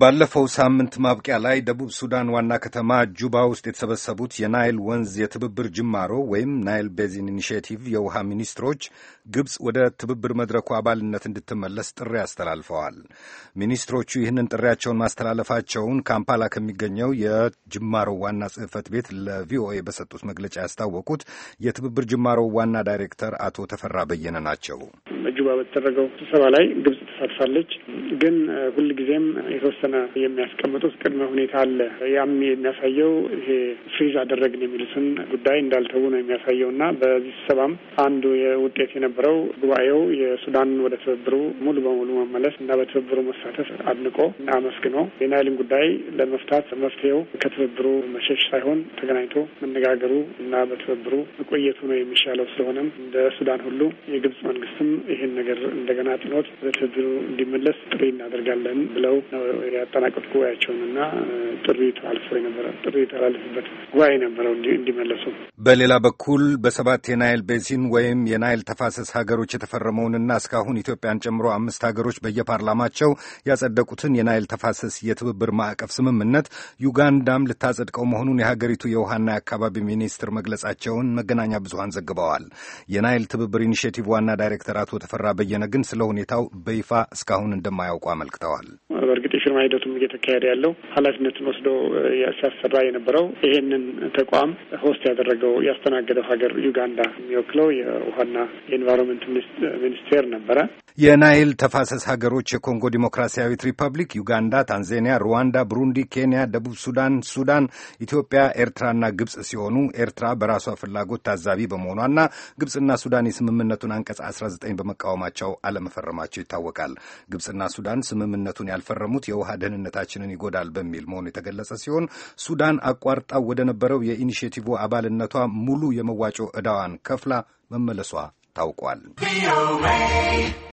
ባለፈው ሳምንት ማብቂያ ላይ ደቡብ ሱዳን ዋና ከተማ ጁባ ውስጥ የተሰበሰቡት የናይል ወንዝ የትብብር ጅማሮ ወይም ናይል ቤዚን ኢኒሽቲቭ የውሃ ሚኒስትሮች ግብፅ ወደ ትብብር መድረኩ አባልነት እንድትመለስ ጥሪ አስተላልፈዋል። ሚኒስትሮቹ ይህንን ጥሪያቸውን ማስተላለፋቸውን ካምፓላ ከሚገኘው የጅማሮ ዋና ጽሕፈት ቤት ለቪኦኤ በሰጡት መግለጫ ያስታወቁት የትብብር ጅማሮ ዋና ዳይሬክተር አቶ ተፈራ በየነ ናቸው። ጁባ በተደረገው ስብሰባ ላይ ግብፅ ተሳትፋለች። ግን ሁልጊዜም የተወሰነ የሚያስቀምጡት ቅድመ ሁኔታ አለ። ያም የሚያሳየው ይሄ ፍሪዝ አደረግን የሚሉትን ጉዳይ እንዳልተዉ ነው የሚያሳየው እና በዚህ ስብሰባም አንዱ ውጤት የነበረው ጉባኤው የሱዳን ወደ ትብብሩ ሙሉ በሙሉ መመለስ እና በትብብሩ መሳተፍ አድንቆ አመስግኖ የናይልን ጉዳይ ለመፍታት መፍትሄው ከትብብሩ መሸሽ ሳይሆን ተገናኝቶ መነጋገሩ እና በትብብሩ መቆየቱ ነው የሚሻለው። ስለሆነም እንደ ሱዳን ሁሉ የግብጽ መንግስትም ይህን ነገር እንደገና ጥኖት በትብብሩ እንዲመለስ ጥሪ እናደርጋለን ብለው ነው ያጠናቀቁት ጉባኤያቸውን እና ጥሪ ተላልፎ የነበረ ጥሪ የተላለፍበት ጉባኤ ነበረው እንዲመለሱ። በሌላ በኩል በሰባት የናይል ቤዚን ወይም የናይል ተፋሰስ ሀገሮች የተፈረመውንና እስካሁን ኢትዮጵያን ጨምሮ አምስት ሀገሮች በየፓርላማቸው ያጸደቁትን የናይል ተፋሰስ የትብብር ማዕቀፍ ስምምነት ዩጋንዳም ልታጸድቀው መሆኑን የሀገሪቱ የውሃና የአካባቢ ሚኒስትር መግለጻቸውን መገናኛ ብዙሀን ዘግበዋል። የናይል ትብብር ኢኒሽቲቭ ዋና ዳይሬክተር አቶ ተፈራ በየነ ግን ስለ ሁኔታው በይፋ እስካሁን እንደማያውቁ አመልክተዋል። በእርግጥ የፊርማ ሂደቱም እየተካሄደ ያለው ኃላፊነትን ወስዶ ሲያሰራ የነበረው ይሄንን ተቋም ሆስት ያደረገው ያስተናገደው ሀገር ዩጋንዳ የሚወክለው የውሃና የኤንቫይሮንመንት ሚኒስቴር ነበረ። የናይል ተፋሰስ ሀገሮች የኮንጎ ዲሞክራሲያዊት ሪፐብሊክ፣ ዩጋንዳ፣ ታንዛኒያ፣ ሩዋንዳ፣ ብሩንዲ፣ ኬንያ፣ ደቡብ ሱዳን፣ ሱዳን፣ ኢትዮጵያ፣ ኤርትራና ግብጽ ሲሆኑ ኤርትራ በራሷ ፍላጎት ታዛቢ በመሆኗና ግብጽና ሱዳን የስምምነቱን አንቀጽ 19 በመቃወማቸው አለመፈረማቸው ይታወቃል። ግብጽና ሱዳን ስምምነቱን ያልፈ የፈረሙት የውሃ ደህንነታችንን ይጎዳል በሚል መሆኑ የተገለጸ ሲሆን ሱዳን አቋርጣ ወደ ነበረው የኢኒሽቲቭ አባልነቷ ሙሉ የመዋጮ ዕዳዋን ከፍላ መመለሷ ታውቋል።